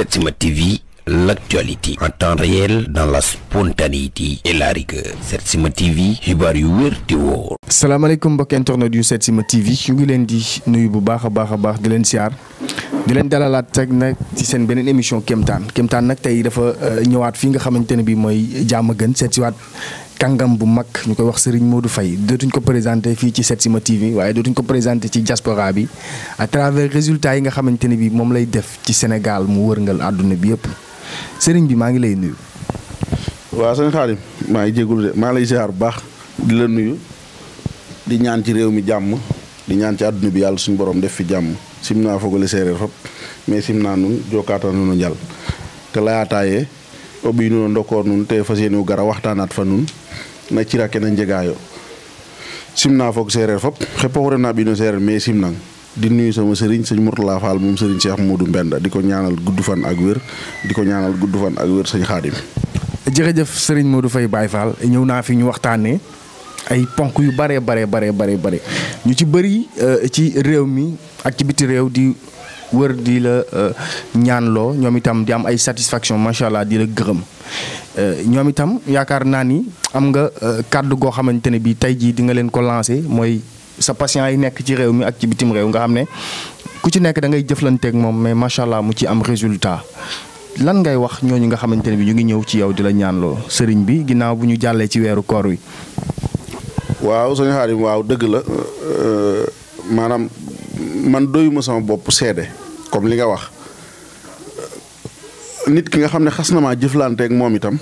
Setsima TV l'actualité en temps réel dans la spontanéité et la rigueur Setsima TV xibaar yu wér di wóor. salaamaaleykum mbokki internet si Setsima TV yu ngi leen di nuyu bu baax a baax a baax di leen siyaar di leen dalalaat rek nag ci seen beneen émission Kemtaan Kemtaan nag tey dafa euh, ñëwaat fii nga xamante ne bii mooy jàmm gën seet si waat kàngam bu mag ñu koy wax moo du Faye dootuñ ko présenté fii ci Setsima TV waaye dootuñ ko présenté ci diaspora bi à travers résultats yi nga xamante ne bi moom lay def ci Sénégal mu wërngal àdduna bi yëpp sëriñ bi maa ngi lay nuyu. waaw sëñ Xaadim maa ngi jégalu de maa lay ziar bu baax di la nuyu di ñaan ci réew mi jàmm di ñaan ci àdduna bi yàlla suñu borom def fi jàmm sim naa foogale séeréer fop mais sim naa nun jokkaatanu nu njàll te layaataayee o ɓiy ndokoor nun te fas yéene gara waxtaanaat fa nun na cira ke na njegaayo simna foog seereer fop xep oxu refna ɓino seereer mais simnang di nuyu sama sëriñ sëñ Mourtala Fall moom sëriñ moo Modou Mbenda di ko ñaanal gudd fan ak wér di ko ñaanal gudd fan ak wér sëñ Xaadim jërëjëf sëriñ Modou Faye Baye Fall ñëw naa fi ñu waxtaane ay ponk yu bare bare bare bare bare ñu ci bëri euh, ci réew mi ak ci biti réew di wër di la euh, ñaanloo ñoom itam di am ay satisfaction macha allah di la gërëm euh, ñoom itam yaakaar naa ni am nga euh, kàddu goo xamante ne bii tey jii di nga leen ko lancé mooy sa patient yi nekk ci réew mi ak ci bitim réew nga xam ne ku ci nekk da ngay jëflanteeg moom mais macha allah mu ci am résultat. lan ngay wax ñooñu nga xamante ne bi ñu ngi ñëw ci yow di la ñaanloo sëriñ bi ginnaaw bu ñu jàllee ci weeru koor wi. waaw sëñ Xaadim waaw dëgg la maanaam man doyuma sama bopp seede comme li nga wax nit ki nga xam ne xas na maa jëflanteeg moom itam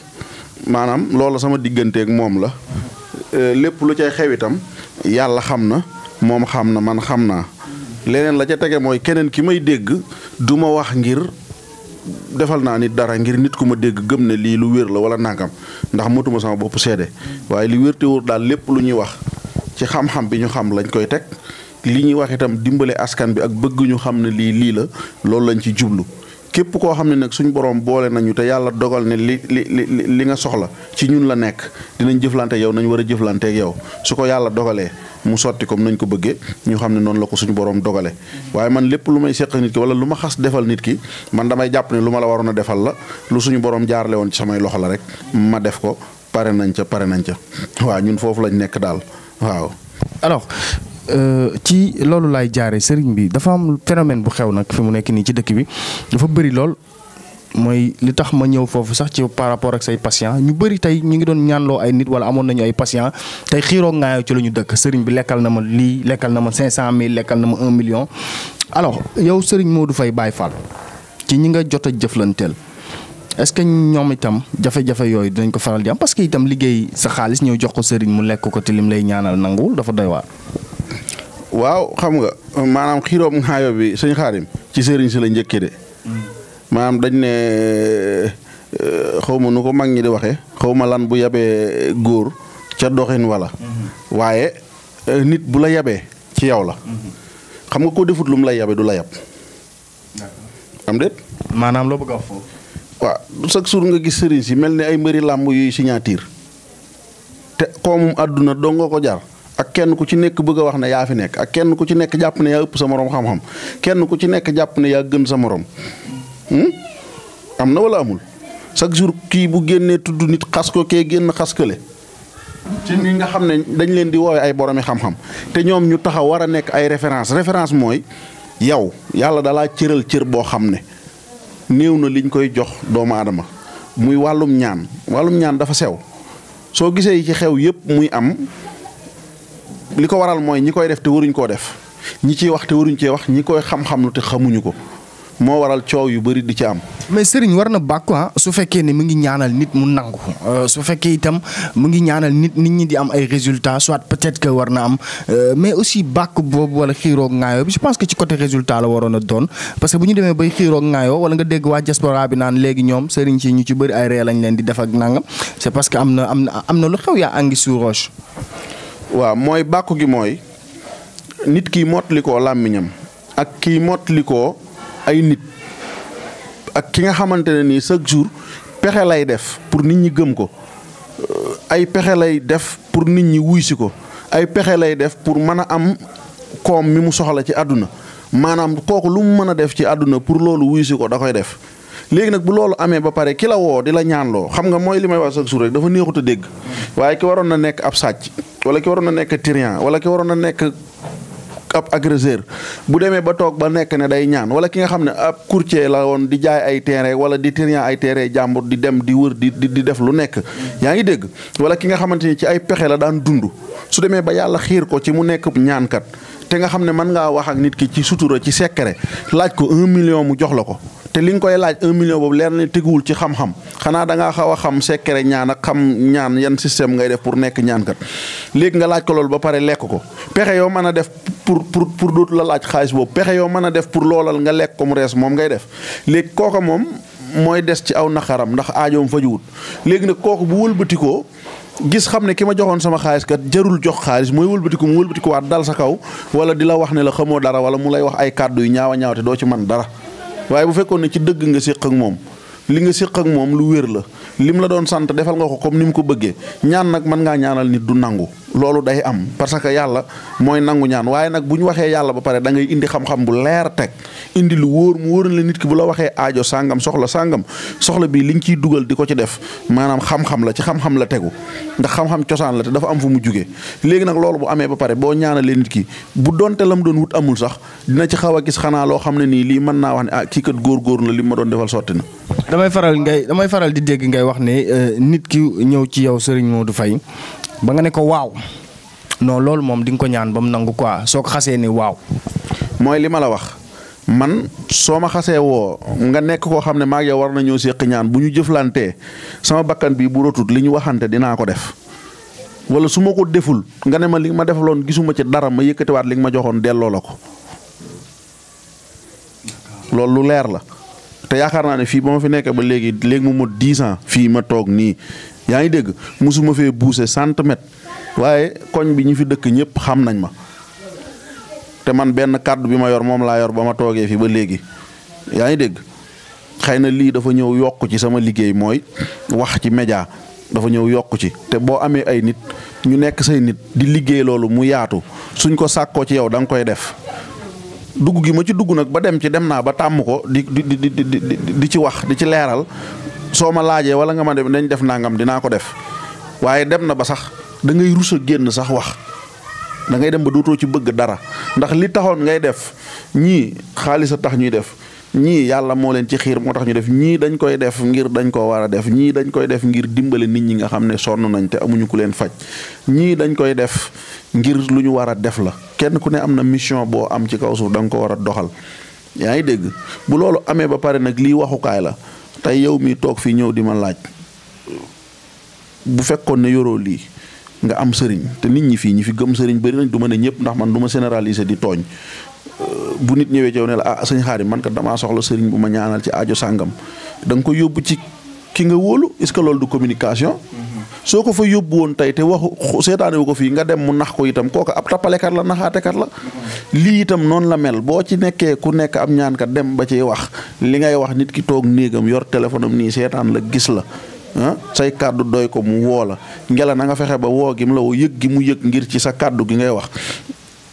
maanaam loola sama digganteeg moom la euh, lépp lu cay xew itam yàlla xam na moom xam na man xam naa leneen la ca tege mooy keneen ki may dégg du ma wax ngir defal naa nit dara ngir nit ku ma dégg gëm ne lii lu wér la wala nangam ndax motuma sama bopp seede waaye li wér daal lépp lu ñuy wax ci xam-xam bi ñu xam lañ koy teg li ñuy wax itam dimbale askan bi ak bëgg xam ne lii lii la loolu lañ ci jublu képp koo xam ne nag suñu boroom boole nañu te yàlla dogal ne li li li nga soxla ci ñun la nekk dinañ jëflante yow nañu war a jëflanteeg yow su ko yàlla dogalee mu sotti comme nañ ko bëggee ñu xam ne noonu la ko suñu boroom dogale waaye man lépp lu may seq nit ki wala lu ma xas defal nit ki man damay jàpp ne lu ma la waroon a defal la lu suñu boroom jaarale woon ci samay loxo la rek ma def pare nañ ca pare nañ ca lañ nekk daal Euh, ci loolu laay jaare sëriñ bi dafa am phénomène bu xew nag fi mu nekk nii ci dëkk bi dafa bëri lool mooy li tax ma ñëw foofu sax ci par rapport ak say patient ñu bëri tey ñu ngi doon ñaanloo ay nit wala amoon nañu ay patient tey xiiroo ngaayoo ci la ñu dëkk sëriñ bi lekkal na ma lii lekkal na ma cinq cent mille lekkal na ma un million alors yow sëriñ du fay Baye fal ci ñi nga jot a jëflanteel est-ce que ñoom itam jafe-jafe yooyu dañ ko faral di am parce que itam liggéey sa xaalis ñëw jox ko sëriñ mu lekk ko te lim lay ñaanal nanguwul dafa doy waar. waaw xam nga maanaam xiroom ngaayo bi sëñ xaarim ci sëriñ si la njëkkee de. maanaam dañ ne euh, xaw ma nu ko mag ñi di waxee xaw ma lan bu yabee góor ca doxin wala. waaye euh, nit bu la yabee ci yow la. xam nga ko defut lu mu lay yabe du la yab. am déet. maanaam loo bëgg a foofu waaw chaque jour nga gis sëriñ yi mel ni ay mbëri làmb yuy signature te koomum àdduna doo nga ko jar ak kenn ku ci nekk bëgg a wax ne yaa fi nekk ak kenn ku ci nekk jàpp na yaa ëpp sa moroom xam-xam kenn ku ci nekk jàpp ne yaa gën sa morom hmm? am na walla amul chaque jour kii bu génnee tudd nit xas ko kee génn xas kële ci ñi nga xam ne dañ leen di woowe ay boromi xam-xam te ñoom ñu taxaw war a nekk ay référence référence mooy yow yàlla dalaa cëral cër boo xam ne néew na liñ koy jox doomu adama muy wàllum ñaan wàllum ñaan dafa sew soo gisee yi ci xew yépp muy am li ko waral mooy ñi koy def te waruñ koo def ñi ciy wax te waruñ cee wax ñi koy xam lu te xamuñu ko moo waral coow yu bëri di ci am. mais sëriñ war na bàkku ah, su fekkee ne mu ngi ñaanal nit mu nangu euh, su fekkee itam mu ngi ñaanal nit nit ñi di am ay résultats soit peut que war na am euh, mais aussi bàkk boobu wala xiiroog ŋaayoo bi je pense que ci côté résultat la waroon a doon parce que bu ñu demee bay xiiroog ŋaayoo wala nga dégg waa diaspora bi naan léegi ñoom sëriñ si ñu ci bëri ay ree lañ leen di def ak nangam c'est parce que am na am na am na lu xew yaa angi sur waaw mooy bàkku gi mooy nit kii mottali koo làmmiñam ak kii mottali koo ay nit ak ki nga xamante ne nii chaque jour pexe lay def pour nit ñi gëm ko euh, ay pexe lay def pour nit ñi wuy si ko ay pexe lay def pour mën a am koom mi mu soxla ci àdduna maanaam kooku lu mu mën a def ci àdduna pour loolu wuy si ko da koy def léegi nag bu loolu amee ba pare ki woo di la ñaanloo xam nga mooy li may wax chaque jour rek dafa neexut a dégg waaye ki waroon na nekk ab sàcc wala ki waroon na nekk tyran wala ki waroon na nekk ab agresseur bu demee ba toog ba nekk ne day ñaan wala ki nga xam ne ab courtier la woon di jaay ay tere wala di trian ay terrain jàmbur di dem di wër di di def lu nekk yaa ngi dégg wala ki nga xamante ni ci ay pexe la daan dund su demee ba yàlla xiir ko ci mu nekk ñaankat te nga xam ne mën ngaa wax ak nit ki ci sutura ci secret laaj ko un million mu jox la ko te li nga koy laaj un million boobu leer na teguwul ci xam-xam xanaa da ngaa xaw a xam secret rek ñaana xam ñaan yan système ngay def pour nekk ñaan kat léegi nga laaj ko loolu ba pare lekk ko pexe yoo mën a def pour pour pour dootu la laaj xaalis boobu pexe yoo mën a def pour loolal nga lekk ko mu rees moom ngay def léegi kooka moom mooy des ci aw naqaram ndax aajoom fajuwut léegi nag kooku bu wëlbatikoo gis xam ne ki ma joxoon sama xaalis kat jarul jox xaalis mooy wëlbatiku mu wëlbatikuwaat dal sa kaw wala di la ne la xamoo dara wala mu lay wax ay kàddu yu ñaaw a ñaaw doo ci man dara waaye bu fekkoon ne ci dëgg nga séq ak moom li nga séq ak moom lu wér la lim la doon sant defal nga ko comme ni mu ko bëggee ñaan nag mën ngaa ñaanal nit du nangu loolu day am parce que yàlla mooy nangu ñaan waaye nag bu ñu waxee yàlla ba pare da ngay indi xam-xam bu leer teg indi lu wóor mu wóor la nit ki bu la waxee aajo sàngam soxla sàngam soxla bii liñ ciy dugal di ko ci def maanaam xam la ci xam la tegu ndax xam cosaan la te dafa am fu mu jugee léegi nag loolu bu amee ba pare boo ñaanalee nit ki bu donte lam doon wut amul sax dina ci xaw a gis xanaa loo xam ne nii lii mën naa wax ne ah kii kat góor-góor la li ma doon defal sotti na. damay faral ngay damay faral di dégg ngay wax ne euh, nit ki ñëw ci yow Serigne du fay ba nga ne ko waaw non loolu moom di nga ko ñaan ba mu nangu quoi soo ko xasee ni waaw. mooy li ma la wax man soo ma xasee woo nga nekk koo xam ne maa ngi yow war nañoo séq ñaan bu ñu jëflantee sama bakkan bii bu rotut li ñu waxante dinaa ko def. wala su ma ko deful nga ne ma li ma defaloon gisuma ci dara ma yëkkatiwaat li nga ma joxoon delloo la ko loolu lu leer la te yaakaar naa ne fii ba ma fi nekkee ba léegi léegi mu mot 10 fii ma toog nii yaa ngi dégg mosuma fee buuse centimètre waaye koñ bi ñu fi dëkk ñëpp xam nañ ma te man benn kàddu bi ma yor moom laa yor ba ma toogee fii ba léegi yaa ngi dégg xëy na lii dafa ñëw yokk ci sama liggéey mooy wax ci média dafa ñëw yokku ci te boo amee ay nit ñu nekk say nit di liggéey loolu mu yaatu suñ ko sàkkoo ci yow danga koy def dugg gi ma ci dugg nag ba dem ci dem naa ba tàmm ko di di di di di ci wax di ci leeral soo ma laajee wala nga ma dem nañ def nangam dinaa ko def waaye dem na ba sax da ngay rus a génn sax wax da ngay dem ba dootoo ci bëgg dara ndax li taxoon ngay def ñii xaalis a tax ñuy def ñii yàlla moo leen ci xiir moo tax ñu def ñii dañ koy def ngir dañ ko war a def ñii dañ koy def ngir dimbale nit ñi nga xam ne sonn nañ te amuñu ku leen faj ñii dañ koy def ngir lu ñu war a def la kenn ku ne am na mission boo am ci kaw suuf danga ko war a doxal yaa ngi dégg bu loolu amee ba pare nag lii waxukaay la tey yow mi toog fii ñëw di ma laaj bu fekkoon ne yoroo lii nga am sëriñ te nit ñi fii ñi fi gëm sëriñ bëri nañ du ma ne ñëpp ndax man du ma généraliser di tooñ euh, bu nit ñëwee ci yow ne la ah sëñ xaari man kat damaa soxla sëriñ bu ma ñaanal ci aajo sàngam da nga yóbbu ci ci nga wóolu est-ce du communication. Mm-hmm. soo ko fa yóbbu woon tey te waxu seetaane ko fii nga dem mu nax ko itam kooka ab tappalekat la naxaatekat la. Mm-hmm. lii itam noonu la mel boo ci nekkee ku nekk am ñaankat dem ba ci wax li ngay wax nit ki toog néegam yor téléphone am nii seetaan la gis la. ah say kàddu doy ko mu woo la ngela na nga fexe ba woo gi mu la woo yëg mu yëg ngir ci sa kàddu gi ngay wax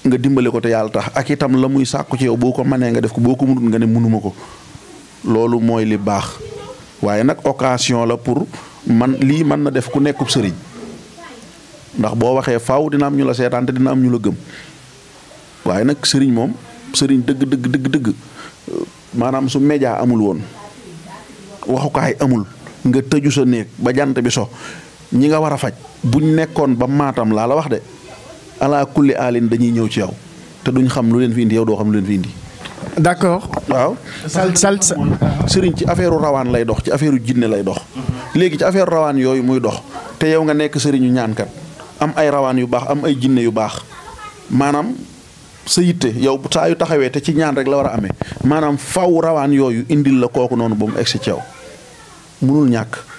nga dimbali ko te yàlla tax ak itam la muy sàkku ci yow boo ko mënee nga def ko boo ko nga ne mënuma ko loolu mooy li baax. waaye nag occasion la pour man lii mën na def ku nekkub sëriñ ndax boo waxee faaw dina am ñu la seetaan te dina am ñu la gëm waaye nag sëriñ moom sëriñ dëgg dëgg dëgg dëgg maanaam su média amul woon waxukaay amul nga tëju sa néeg ba jant bi so ñi nga war a faj bu ñu nekkoon ba maatam laa la wax de ala kulli alin dañuy ñëw ci yow te duñ xam lu leen fi indi yow doo xam lu leen fi indi. d' accord waaw. sal sal sëriñ ci affaire rawaan lay dox ci affaire jinne lay dox. Mm-hmm. léegi ci affaire rawaan yooyu muy dox te yow nga nekk sëriñu ñaankat am ay rawaan yu baax am ay jinne yu baax maanaam sa yitte yow saa yu taxawee te ci ñaan rek la war a amee maanaam faw rawaan yooyu indil la kooku noonu ba mu egg si ceew mënul ñàkk.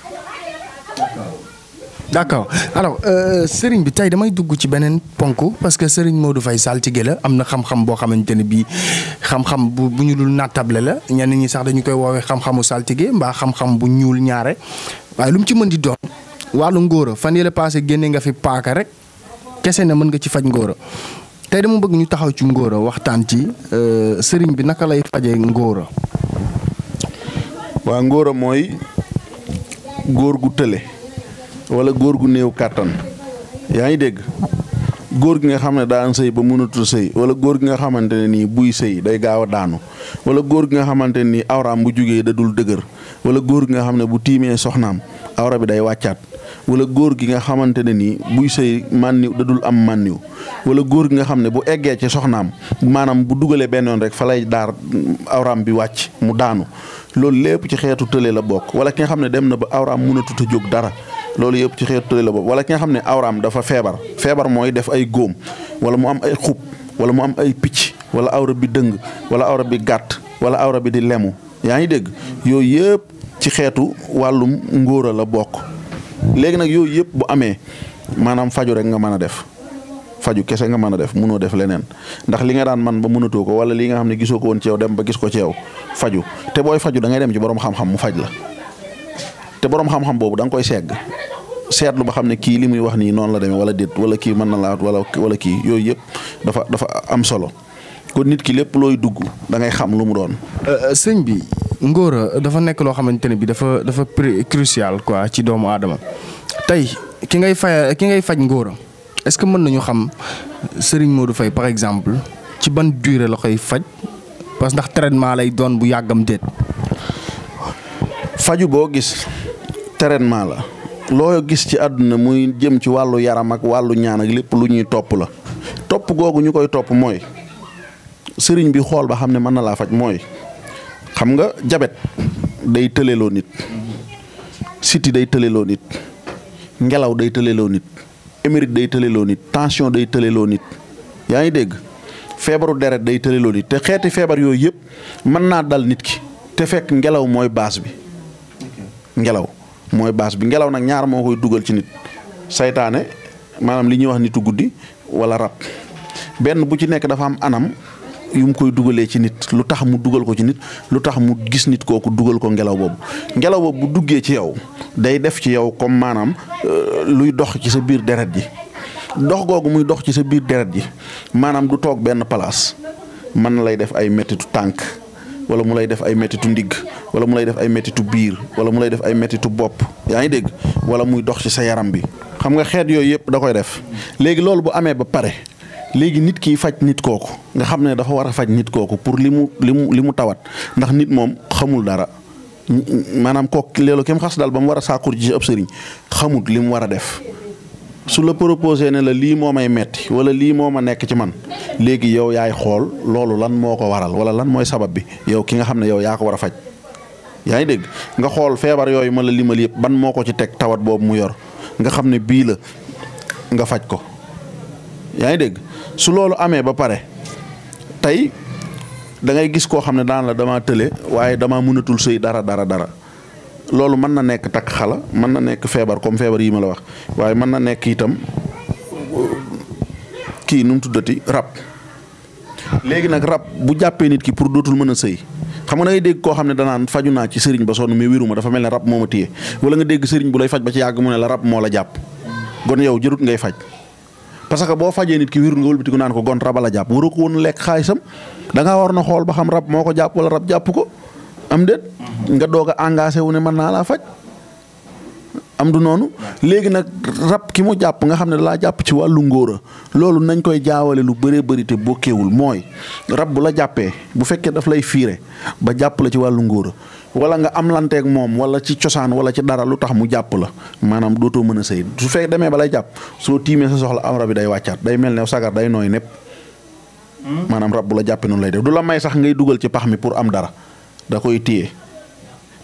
d' accord alors euh, sëriñ bi tey damay dugg ci beneen ponk parce que sëriñ Modou fay saltige la am na xam-xam boo xamante ne bii xam-xam bu bu ñu dul la ñenn ñi sax dañu koy woowee xam-xamu mbaa xam bu ñuul ñaare waaye lu mu ci mën di doon wàllu ngóora fan yële paase génne nga fi paaka rek kese na mën nga ci faj ngóora tey dama bëgg ñu taxaw ci ngóora waxtaan ci euh, sëriñ bi naka lay fajee ngóora. waa ngóora mooy góor gu tële. wala góor gu néew kàttan yaa ngi dégg góor gi nga xam ne daan sëy ba mënatul sëy wala góor gi nga xamante ne nii buy sëy day gaaw a daanu wala góor gi nga xamante nii awraam bu jugee da dul dëgër wala góor gi nga xam ne bu tiimee soxnaam awra bi day wàccaat wala góor gi nga xamante ne nii buy sëy mànniw da dul am mànniw wala góor gi nga xam ne bu eggee ci soxnaam maanaam bu dugalee benn yoon rek fa lay daar awraam bi wàcc mu daanu loolu lépp ci xeetu tële la bokk wala ki nga xam ne dem na ba awraam mënatut a jóg dara loolu yëpp ci xeetu tële la boobu wala ki nga xam ne awraam dafa feebar feebar mooy def ay góom wala mu am ay xub wala mu am ay picc wala awra bi dëng wala awra bi gàtt wala awra bi di lemu yaa ngi dégg yooyu yëpp ci xeetu wàllum ngóora la bokk léegi nag yooyu yëpp bu amee maanaam faju rek nga mën a def faju kese nga man a def mënoo def leneen ndax li nga daan man ba munatoo ko wala li nga xam ne gisoo ko woon ci yow dem ba gis ko ci yow faju te booy faju da dem ci borom xam mu faj la te borom xam-xam boobu da koy segg seetlu ba xam ne kii li muy wax nii noonu la deme wala déet wala kii mën na laat wala wala kii yooyu yëpp dafa dafa am solo kon nit ki lépp looy dugg da ngay xam lu mu doon. Euh, euh, sëñ bi ngóora dafa nekk loo xamante ne bi dafa dafa crucial quoi ci doomu aadama tey ki ngay fay ki ngay faj ngóora est-ce que mën nañu xam moo du Faye par exemple ci ban durée la koy faj parce que ndax traitement lay doon bu yàggam déet. faju boo gis. traitement la loo gis ci àdduna muy jëm ci wàllu yaram ak wàllu ñaan lépp lu ñuy topp la topp googu ñu koy topp mooy sëriñ bi xool ba xam ne mën na laa faj mooy xam nga jabet day tëleloo nit siti day tëleloo nit ngelaw day tëleloo nit émérite day tëleloo nit tension day tëleloo nit yaa ngi dégg feebaru deret day tëleloo nit te xeeti feebar yooyu yëpp mën naa dal nit ki te fekk ngelaw mooy baas bi ngelaw mooy baas bi ngelaw nag ñaar moo koy dugal ci nit seytaane maanaam li ñuy wax nitu guddi wala rab benn bu ci nekk dafa am anam yu mu koy dugalee ci nit lu tax mu dugal ko ci nit lu tax mu gis nit kooku dugal ko ngelaw boobu ngelaw boobu bu duggee ci yow day def ci yow comme maanaam euh, luy dox ci sa biir deret ji dox googu muy dox ci sa biir deret ji maanaam du toog benn place mën na lay def ay mettitu tànk wala mu lay def ay méttitu ndigg wala mu lay def ay méttitu biir wala mu lay def ay méttitu bopp yaa ngi dégg wala muy dox ci sa yaram bi xam nga xeet yooyu yëpp da koy def léegi loolu bu amee ba pare léegi nit kiy faj nit kooku nga xam ne dafa war a faj nit kooku pour li mu li mu li mu tawat ndax nit moom xamul dara maanaam kook léelu kem xas daal ba mu war a saakur ji ëpp sëriñ xamut li mu war a def su la proposé ne la lii moo may metti wala lii moo ma nekk ci man léegi yow yaay xool loolu lan moo ko waral wala lan mooy sabab bi yow ki nga xam ne yow yaa ko war a faj yaa ngi dégg nga xool feebar yooyu ma la limal yëpp ban moo ko ci teg tawat boobu mu yor nga xam ne bii la nga faj ko yaa ngi dégg su loolu amee ba pare tey dangay gis koo xam ne daan la damaa tële waaye dama mënatul sëy dara dara dara loolu mën na nekk takk xala mën na nekk feebar comme feebar yi ma la wax waaye mën na nekk itam kii nu mu tuddati rab léegi nag rab bu jàppee nit ki pour dootul mën a sëy xam nga da dégg koo xam ne danaan faju naa ci sëriñ ba sonn mais wiruma dafa mel ne rab moo ma téye wala nga dégg sëriñ bu lay faj ba ci yàgg mu ne la rab moo la jàpp gon yow jërut ngay faj parce que boo fajee nit ki wérul nga wëlbatiku naan ko gon raba la jàpp waroo ko lekk xaalisam da ngaa war xool ba xam rab moo ko jàpp wala rab jàpp ko am déet. nga doog a engagé wu ne man naa laa faj. am du noonu léegi nag rab ki mu jàpp nga xam ne dalaa jàpp ci wàllu ngóora loolu nañ koy jaawale lu bëree bëri te bokkeewul mooy rab bu la jàppee bu fekkee daf lay fiire ba jàpp la ci wàllu ngóora wala nga am lanteeg moom wala ci cosaan wala ci dara lu tax mu jàpp la maanaam dootoo mën a sëy su fekk demee ba lay jàpp soo tiimee sa soxla am rab day wàccaat day mel ne sagar day nooy népp hmm? maanaam rab bu la jàppee noonu lay def du la may sax ngay dugal ci pax mi pour am dara. da koy téye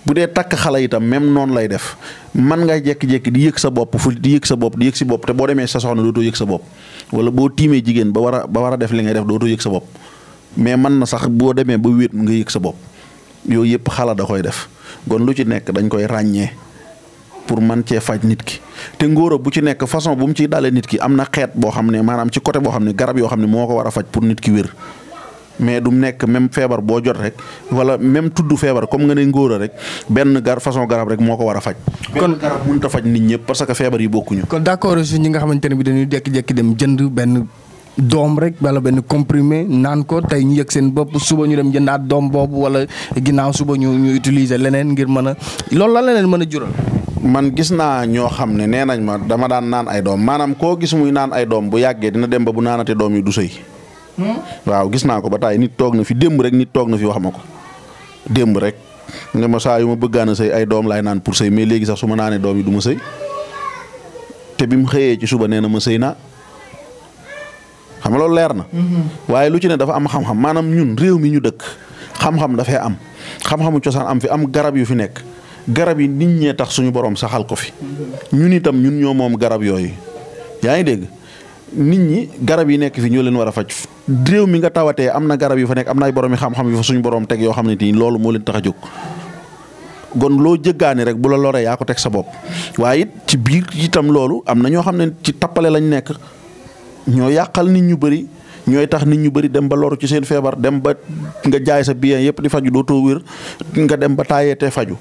bu dee takk xale itam même noonu lay def man nga jekki jékki di yëg sa bopp fu di yëg sa bopp di yëg si bopp te boo demee sa soxna dootoo yëg sa bopp wala boo tiimee jigéen ba war a ba war a def li ngay def dootoo yëg sa bopp mais man na sax boo demee ba wéet nga yëg sa bopp yooyu yëpp xala da koy def kon lu ci nekk dañ koy ràññee pour man cee faj nit ki te ngóora bu ci nekk façon bu mu ciy dalee nit ki am na xeet boo xam ne maanaam ci côté boo xam ne garab yoo xam ne moo ko war a faj pour nit ki wér mais du nekk même feebar boo jot rek wala même tudd feebar comme nga ne ngóora rek benn gar façon garab rek moo ko war a faj. kon garab mënut a faj nit ñëpp parce que feebar yi bokkuñu. kon d'accord si ñi nga xamante ne bi dañuy jékki dem jënd benn. doom rek wala benn comprimé naan ko tey ñu yëg seen bopp suba ñu dem jëndaat doom boobu wala ginnaaw suba ñu ñu utiliser leneen ngir mën a loolu la leneen mën a jural. man gis naa ñoo xam ne nee nañ ma dama daan naan ay doom maanaam koo gis muy naan ay doom bu yàggee dina dem ba bu naanate doom yi du sëy Hmm? waaw gis naa ko ba taay nit toog na fi démb rek nit toog na fi wax ma ko démb rek nga ma saa yu ma bëggaan a sëy ay doom laay naan pour sëy mais léegi sax su ma naanee doom yi du ma sëy te bi mu xëyee ci suba nee na ma sëy naa xam nga loolu leer na. Hmm. waaye lu ci ne dafa am xam-xam maanaam ñun réew mi ñu dëkk xam-xam dafay am xam-xamu cosaan am fi am garab yu fi nekk garab yi nit ñee tax suñu borom saxal ko fi hmm. ñun itam ñun ñoo moom garab yooyu yaa ngi dégg. nit ñi garab yi nekk fi ñoo leen war a faj déew mi nga tawatee am na garab yu fa nekk am na ay borom yi xam-xam yu fa suñu borom teg yoo xam ne nii loolu moo leen tax a jóg kon loo jëggaani rek bu la loree yaa ko teg sa bopp waaye it ci biir itam loolu am na ñoo xam ne ci tappale lañ nekk ñoo yàqal nit ñu bëri ñooy tax nit ñu bëri dem ba loru ci seen feebar dem ba nga jaay sa bien yëpp di faju dootoo wér nga dem ba taayee te faju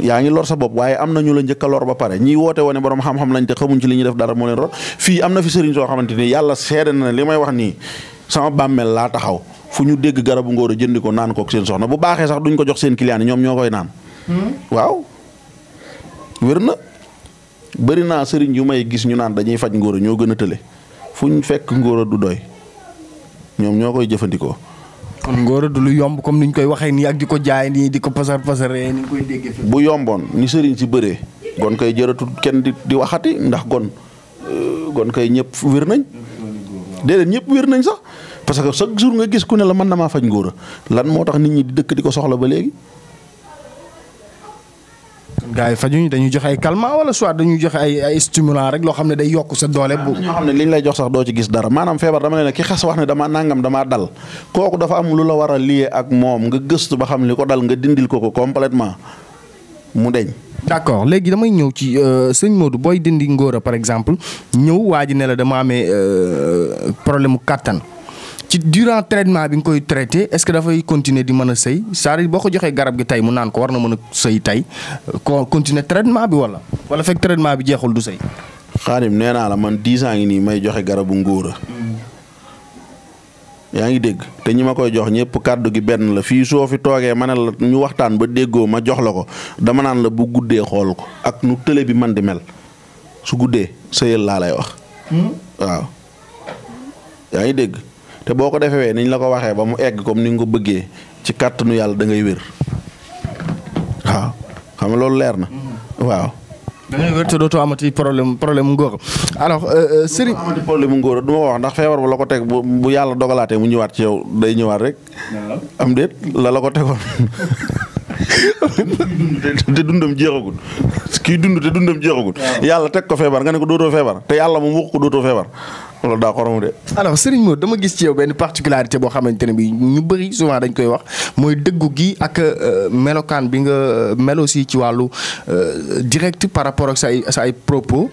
yaa ngi lor sa bopp waaye am na ñu la njëkk lor ba pare ñiy woote woone borom xam-xam lañ te xamuñ ci li ñuy def dara moo leen lor fii am na fi sëriñ soo xamante ni yàlla seede na li may wax nii sama bàmmeel laa taxaw fu ñu dégg garabu ngóor a jëndi ko naan ko seen soxna bu baaxee sax duñ ko jox seen client yi ñoom ñoo koy naan. Hmm? waaw wér na bari naa sëriñ yu may gis ñu naan dañuy faj ngóor a ñoo gën a tële fu ñu fekk ngóor a du doy ñoom ñoo kon ngóora du lu yomb comme ni ñu koy waxee nii ak di ko jaay nii di ko pasar pasaree ñu koy déggee. bu yomboon ni sëriñ si bëree. gon koy jërëtul kenn di di waxati ndax gon euh, gon koy ñëpp wér nañ. déedéet ñëpp wér nañ sax parce que chaque jour nga gis ku ne la mën na maa faj ngóora lan moo tax nit ñi di dëkk di ko soxla ba léegi. gaa yi fajuñu dañuy joxe ay calmants wala soit dañuy joxe ay stimulant rek loo xam ne day yokk sa doole. bu ñoo liñ lay jox sax doo ci gis dara maanaam feebar dama ne ne ki xas wax ne damaa nangam damaa dal kooku dafa am lu la war a lié ak moom nga gëstu ba xam li ko dal nga dindil ko ko complètement mu deñ. d' accord léegi damay ñëw ci euh, sëñ moodu booy dindi ngóora par exemple ñëw waa ji ne la dama amee euh, problème mu kattan. ci durant traitement bi nga koy traité est-ce que dafay continuer di mën a sëy saa boo ko joxee garab gi tey mu naan ko war na mën a sëy tey ko continuer traitement bi wala wala fekk traitement bi jeexul du sëy. Xaadim nee naa la man dix ans ngi nii may joxe garabu ngóora. Mm. yaa ngi dégg te ñi ma koy jox ñëpp kàddu gi benn la fii soo fi toogee ma ne la ñu waxtaan ba déggoo ma jox la ko dama naan la bu guddee xool ko ak nu tële bi man di mel su guddee sëyal laa lay wax. Mm. ngi dégg. te boo ko defewee niñ la ko waxee ba mu egg comme ni nga ko bëggee ci kàttanu yàlla da ngay wér waaw xam nga loolu leer na mm-hmm. waaw. da ngay wér te dootoo amati problème problème ngóor alors euh, euh, Serigne. amati ngoor ngóor du ma wax ndax feebar bu la ko teg bu bu yàlla dogalaatee mu ñëwaat ci yow day ñëwaat rek. am déet la la ko tegoon. te dundam jeexagul kii dund te dundam jeexagul. yàlla teg ko feebar nga ne ko dootoo feebar te yàlla moom wax ko dootoo feebar. loolu daa xoromu de. alors Serigne Modou dama gis ci yow benn particularité boo xamante ne bii ñu bëri souvent dañ koy wax mooy dëggu gi ak euh, melokaan bi nga euh, mel aussi ci wàllu euh, direct par rapport ak sa ay ay propos.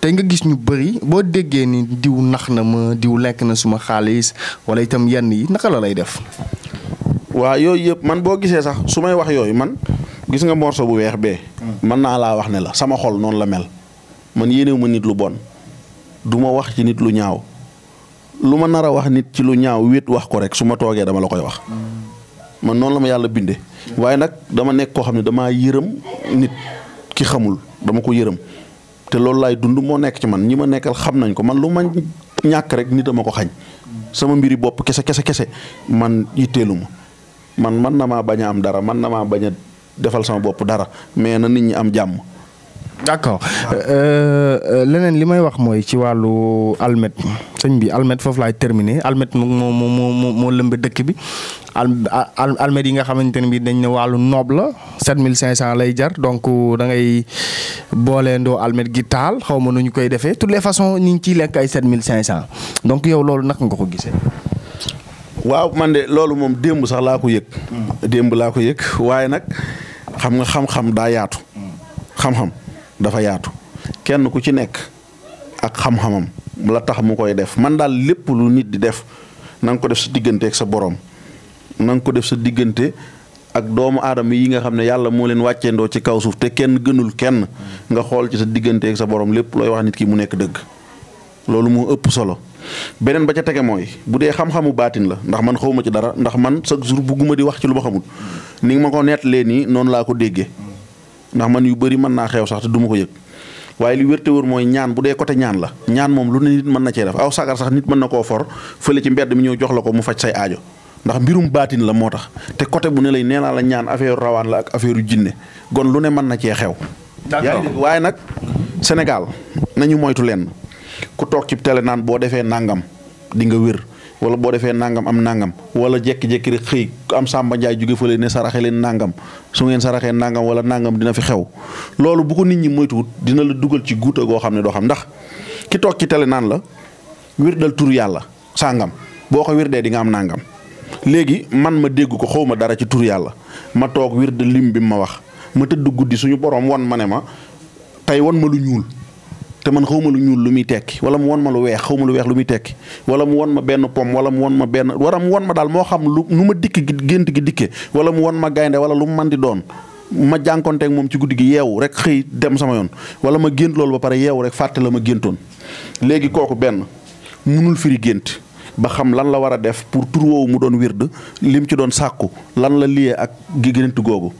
te nga gis ñu bëri boo déggee ni diw nax na ma diw lekk na suma xaalis wala itam yenn yi naka la lay def. waa yooyu yëpp man boo gisee sax su may wax yooyu man gis nga morceau bu weex bee. Hmm. mën naa laa wax ne la sama xol noonu la mel man yéenewu ma nit lu bon. du ma wax ci nit lu ñaaw lu ma nar a wax nit ci lu ñaaw wéet wax ko rek su ma toogee dama la koy wax man noonu la ma yàlla binde waaye nag dama nekk koo xam ne dama yërëm nit ki xamul dama ko yërëm te loolu laay dund moo nekk ci man ñi ma nekkal xam nañ ko man lu ma ñàkk rek nit a ko xañ sama mbiri bopp kese kese kese man yitteelu man man na maa bañ am dara man na maa bañ a defal sama bopp dara mais na nit ñi am jàmm d' accord euh, euh, leneen li may wax mooy ci wàllu almet sëñ bi almet foofu laay terminer almet moo moo moo moo lëmbe dëkk bi al almet yi nga xamante ne bi dañ ne wàllu noob la 7500 lay jar donc da ngay booleendoo almet gi taal xaw ma nu ñu koy defee toutes les façons ñu ngi ciy lekk ay 7500 donc yow loolu naka nga ko gisee. waaw man de loolu moom démb sax laa ko yëg. Hmm. démb laa ko yëg waaye nag xam nga xam-xam daa yaatu. Hmm. xam-xam. dafa yaatu kenn ku ci nekk ak xam-xamam la tax mu koy def man daal lépp lu nit di def na nga ko def sa diggante ak sa borom na nga ko def sa diggante ak doomu aadama yi nga xam ne yàlla moo leen wàcceendoo ci kaw suuf te kenn gënul kenn nga xool ci sa diggante ak sa borom lépp looy wax nit kii mu nekk dëgg loolu moo ëpp solo beneen ba ca tege mooy bu dee xam-xamu baatin la ndax man xawma ci dara ndax man chaque jour bugguma di wax ci lu ma xamul ni ma ko nettalee nii noonu laa ko déggee ndax man yu bëri mën naa xew sax te duma ko yëg waaye li wérte te wër mooy ñaan bu dee côté ñaan la ñaan moom lu ne nit mën na cee def aw sagar sax nit mën na koo for fële ci mbedd mi ñëw jox la ko mu faj say aajo ndax mbirum baatin la moo tax te côté bu ne lay nee la ñaan affaire rawaan la ak affaire jinne gon lu ne mën na cee xew yaa waaye nag Sénégal nañu moytu leen ku toog ci télé naan boo defee nangam di nga wér wala boo defee nangam am nangam wala jékki-jékki rek xëy am Samba Ndiaye jóge fële ne saraxe leen nangam su ngeen saraxee nangam wala nangam dina fi xew loolu bu ko nit ñi moytuwut dina la dugal ci guuta goo xam ne doo xam ndax ki toog ci télé naan la wirdal tur yàlla sàngam boo ko wirdee di nga am nangam léegi man ma dégg ko xaw ma dara ci tur yàlla ma toog wirde lim bi ma wax ma tëdd guddi suñu borom wan ma ne ma tey wan ma lu ñuul. te man xaw ma lu ñuul lu muy tekki wala mu won ma lu weex xaw lu weex lu muy tekki wala mu won ma benn pom wala mu won ma benn wala mu won ma daal moo xam lu nu ma dikk gi gént gi dikke wala mu won ma gaynde wala lu mu man di doon ma jànkonteeg moom ci guddi gi yeewu rek xëy dem sama yoon wala ma gént loolu ba pare yeewu rek fàtte la ma géntoon léegi kooku benn munul firi gént ba xam lan la war a def pour tur woowu mu doon wird lim ci doon sàkku lan la liyee ak gént googu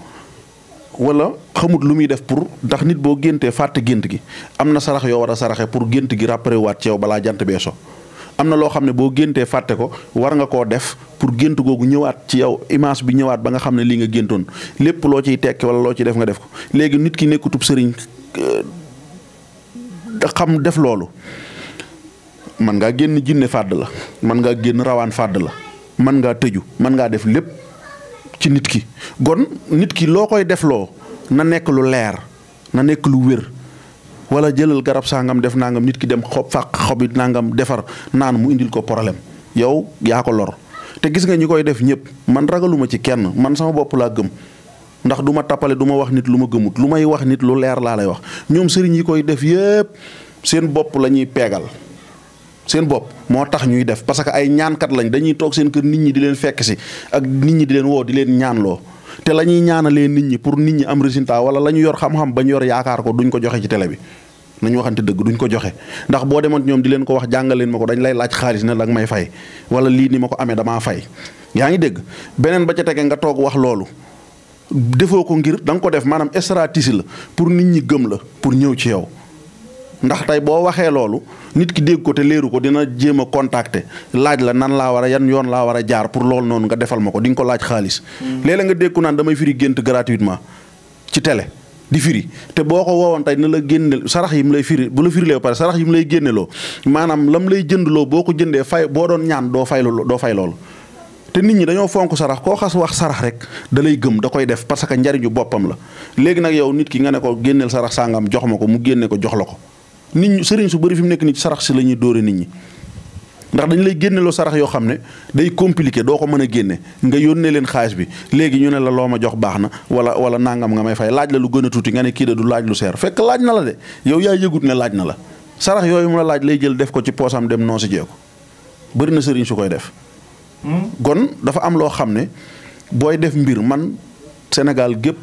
wala xamut lu muy def pour ndax nit boo géntee fàtte gént gi am na sarax yoo war a saraxe pour gént gi rappare waat ci yow balaa jant bee so am na loo xam ne boo géntee fàtte ko war nga koo def pour gént googu ñëwaat ci yow image bi ñëwaat ba nga xam ne lii nga géntoon lépp loo ciy tekki wala loo ci def nga def ko léegi nit ki nekkutub sëriñ euh, xam def loolu man ngaa génn jinne fàdd la man ngaa génn rawaan fàdd la man ngaa tëju man ngaa def lépp ci nit ki kon nit ki loo koy defloo na nekk lu leer na nekk lu wér walla jëlal garab sangam def nangam nit ki dem xob fàq xobi nangam defar naan mu indil ko problème yow yaa ko lor te gis nga ñi koy def ñëpp man ragaluma ci kenn man sama bopp laa gëm ndax du ma tappale duma wax nit lu ma gëmut lu may wax nit lu leer laa lay wax ñoom sëriñ yi koy def yëpp seen bopp la ñuy peegal seen bopp moo tax ñuy def parce que ay ñaankat lañ dañuy toog seen kër nit ñi di leen fekk si ak nit ñi di leen woo di leen ñaanloo te lañuy ñuy ñaanalee nit ñi pour nit ñi am résultat wala lañu yor xam-xam ba ñu yor yaakaar ko duñ ko joxe ci télé bi nañu waxante dëgg duñ ko joxe ndax boo demoon ñoom di leen ko wax jàngaleen ma ko dañ lay laaj xaalis ne danga may fay wala lii ni ma ko amee damaa fay yaa ngi dégg beneen ba ca tege nga toog wax loolu defoo ko ngir da ko def maanaam stratégie la pour nit ñi gëm la pour ñëw ci yow ndax tey boo waxee loolu nit ki dégg ko te léeru ko dina jéem a contacter laaj la nan laa war a yan yoon laa war a jaar pour lool noonu nga defal ma ko di nga ko laaj xaalis. Mm. léeg nga dégg ko naan damay firi gént gratuitement ci télé. di firi te boo ko woowoon tey na la génne sarax yi mu lay firi bu la firilee ba pare sarax yi mu lay génneloo maanaam lam lay jëndloo boo ko jëndee fay boo doon ñaan doo fay loolu doo fay loolu. te nit ñi dañoo fonk sarax koo xas wax sarax rek dalay gëm da koy def parce que njariñu boppam la léegi nag yow nit ki nga ne ko génneel sarax sàngam jox ma ko mu génne ko jox la ko. nit ñi sëriñ su bëri fi mu nekk nii sarax si la ñuy dóore nit ñi ndax dañ lay génne loo sarax yoo xam ne day compliqué doo ko mën a génne nga yónnee leen xaalis bi léegi ñu ne la loo ma jox baax na wala wala nangam nga may fay laaj la lu gën a tuuti nga ne kii da du laaj lu seer fekk laaj na la de yow yaa yëgut ne laaj na la sarax yooyu mu la laaj lay jël def ko ci poosam dem noo si jeeku bëri na sëriñ su koy def. gon hmm? dafa am loo xam ne booy def mbir man Sénégal gépp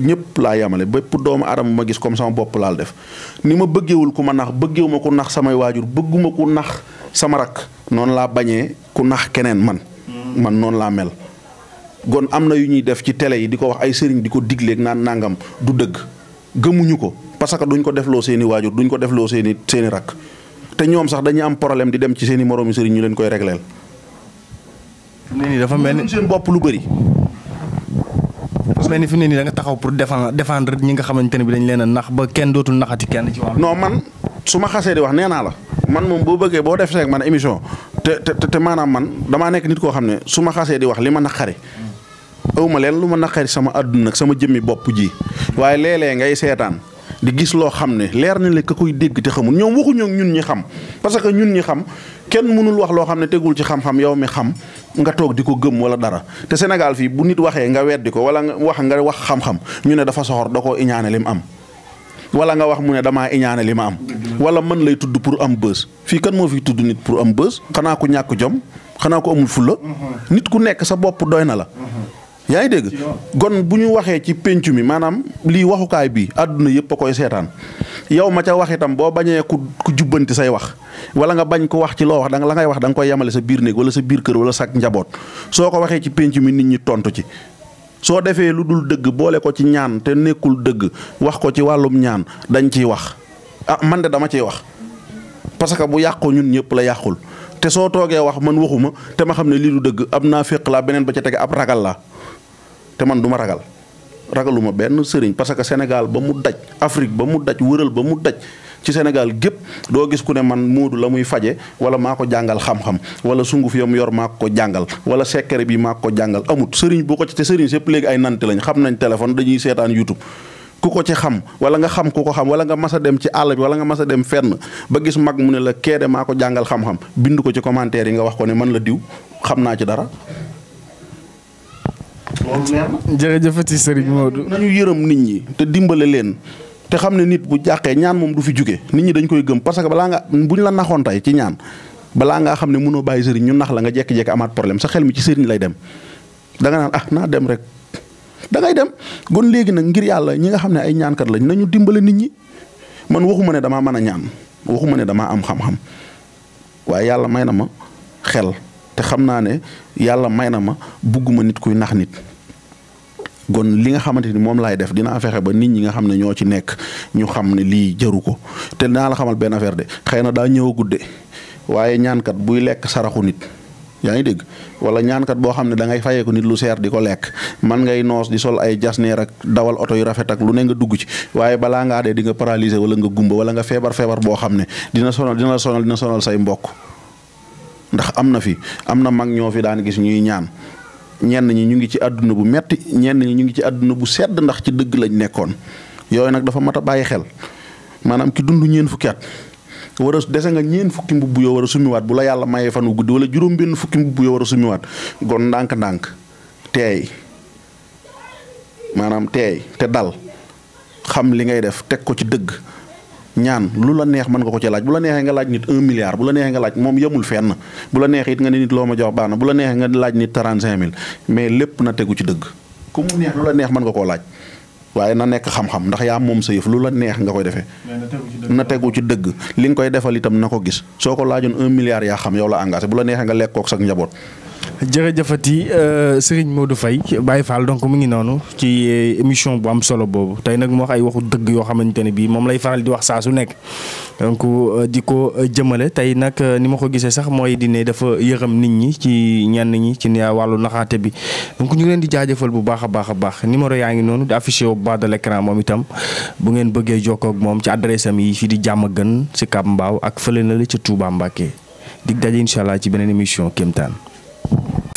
ñëpp laa yamale bépp doomu aadama ma gis comme sama bopp laal def ni ma bëggewul ku ma nax bëggewu ma ku nax samay waajur bëgguma ku nax sama rak noonu laa bañee ku nax keneen man hmm. man noonu laa mel kon am na yu ñuy def ci télé yi di ko wax ay sëriñ di ko digleeg naan nangam du dëgg gëmuñu ko parce que duñ ko defloo seeni waajur duñ ko defloo seeni seeni rak te ñoom sax dañuy am problème di dem ci seeni moroomi sëriñ ñu leen koy régleel dafa mel ni seen bopp lu bëri mel fi ne nii da taxaw pour défendre défendre ñi nga xamante ne bi dañ leen a nax ba kenn dootul naxati kenn ci wàllu. noo man su ma xasee di wax nee naa la man moom boo bëggee boo def seeg man émission te te te maanaam man damaa nekk nit koo xam ne su ma xasee di wax li ma naqari. aw ma leen lu ma naqari sama àdduna sama jëmmi bopp ji waaye léeg-léeg ngay seetaan di gis loo xam ne leer na le ka koy dégg te xamul ñoom waxuñoo ñun ñi xam parce que ñun ñi xam kenn mënul wax loo xam ne tegul ci xam yow mi xam nga toog di ko gëm wala dara te Sénégal fii bu nit waxee nga weddi ko wala nga wax nga wax xam-xam ñu ne dafa soxor da ko iñaane li am wala nga wax mu ne damaa iñaane li am wala mën lay tudd pour am bës fii kan moo fi tudd nit pour am bës xanaa ko ñàkk jom xanaa ko amul fulla mhm. nit ku nekk sa bopp doy na la mhm. yaa ngi dégg gon bu ñu waxee ci péncu mi maanaam lii waxukaay bi àdduna yëpp a koy seetaan yow ma ca wax itam boo bañee ku ku jubbanti say wax wala nga bañ ko wax ci loo wax da la ngay wax da nga koy yemale sa biir néeg wala sa biir kër wala sa njaboot soo ko waxee ci pénc mi nit ñi tontu ci soo defee lu dul dëgg boole ko ci ñaan te nekkul dëgg wax ko ci wàllum ñaan dañ ciy wax a ah, man de dama ciy wax parce que bu yàqoo ñun ñëpp la yàqul te soo toogee wax man waxuma te ma xam ne lii du dëgg am naa féq laa beneen ba ca tege ab ragal laa te man duma ragal ragaluma benn sëriñ parce que Sénégal ba mu daj Afrique ba mu daj wëral ba mu daj ci Sénégal gépp doo gis ku ne man Moodu la muy faje wala maa ko jàngal xam-xam wala sunguf yam yor maa ko jàngal wala secret bi maa ko jàngal amut sëriñ boo ko ci te sëriñ sépp léegi ay nante lañ xam nañ téléphone dañuy seetaan YouTube ku ko ci xam wala nga xam ku ko xam wala nga mas a dem ci àll bi wala nga mas a dem fenn ba gis mag mu ne la keede maa ko jàngal xam-xam bind ko ci commentaire yi nga wax ko ne man la diw xam naa ci dara loolu leer na. jërëjëfati Serigne Modou. nañu yërëm nit ñi te dimbale leen te xam ne nit bu jàqee ñaan moom du fi jóge nit ñi dañ koy gëm parce que balaa nga buñ la naxoon tey ci ñaan balaa ngaa xam ne mënoo bàyyi sëriñ ñu nax la nga jekki jékki amaat problème sa xel mi ci sëriñ lay dem danga nga naan ah naa dem rek dangay dem kon léegi nag ngir yàlla ñi nga xam ne ay ñaankat lañ nañu dimbale nit ñi man waxuma ne damaa mën a ñaan waxuma ne damaa am xam-xam waaye yàlla may na ma xel te xam naa ne yàlla may na ma bugguma nit kuy nax nit kon li nga xamante ni moom lay def dina fexe ba nit ñi nga xam ne ñoo ci nekk ñu xam ne lii jëru ko te naa la xamal benn affaire de xëy na daa ñëw gudde waaye ñaankat buy lekk saraxu nit yaa ngi dégg wala ñaankat boo xam ne dangay ngay ko nit lu seer di ko lekk man ngay noos di sol ay jasneer ak dawal oto yu rafet ak lu ne nga dugg ci waaye balaa nga dee di nga paralysé wala nga gumba wala nga feebar feebar boo xam ne dina sonal dina la sonal dina sonal say mbokk ndax am na fi am na mag ñoo fi daan gis ñuy ñaan ñenn ñi ñu ngi ci àdduna bu metti ñenn ñi ñu ngi ci àdduna bu sedd ndax ci dëgg lañ nekkoon yooyu nag dafa mat a bàyyi xel maanaam ki dund ñeen fukki at war a dese nga ñeen fukki mbubb yoo war a sumiwaat bu la yàlla mayee fan wu guddi wala juróom benn fukki mbubb yoo war a gon ndànk-ndànk teey maanaam teey te dal xam li ngay def teg ko ci dëgg ñaan lu la neex mën nga ko ci laaj bu la neexee nga laaj nit un milliard bu la neexee nga laaj moom yemul fenn la neexee it nga ne nit loo ma jox baax na bu nga laaj nit trente cinq mais lépp na tegu ci dëgg ku mu neex neex mën nga koo laaj waaye na nekk xam-xam ndax yaa moom sa yëf lu la neex nga koy defee. na ci dëgg li nga koy defal itam na ko gis soo ko laajoon un milliard yaa xam yow la engagé bu la neexee nga lekk kook sa njaboot. jërëjëfati euh, Serigne Modou Faye bàyyi faal donc mu ngi noonu ci euh, émission bu am solo boobu tey nag mu wax ay waxu dëgg yoo xamante ne bii moom lay faral di wax saa su nekk donc euh, di ko jëmale tey nag ni ma ko gisee sax mooy di ne dafa yërëm nit ñi ci ñenn ñi ci ne wàllu naxaate bi donc ñu ngi leen di jaajëfal bu baax a baax a baax numéro yaa ngi noonu di affiché au bas de l'écran moom itam bu ngeen bëggee jokkoo moom ci adresse am yi fii di jàmm gën si Kab Mbaaw ak fële na la ca Touba Mbacké dig daje ci beneen émission kéemtaan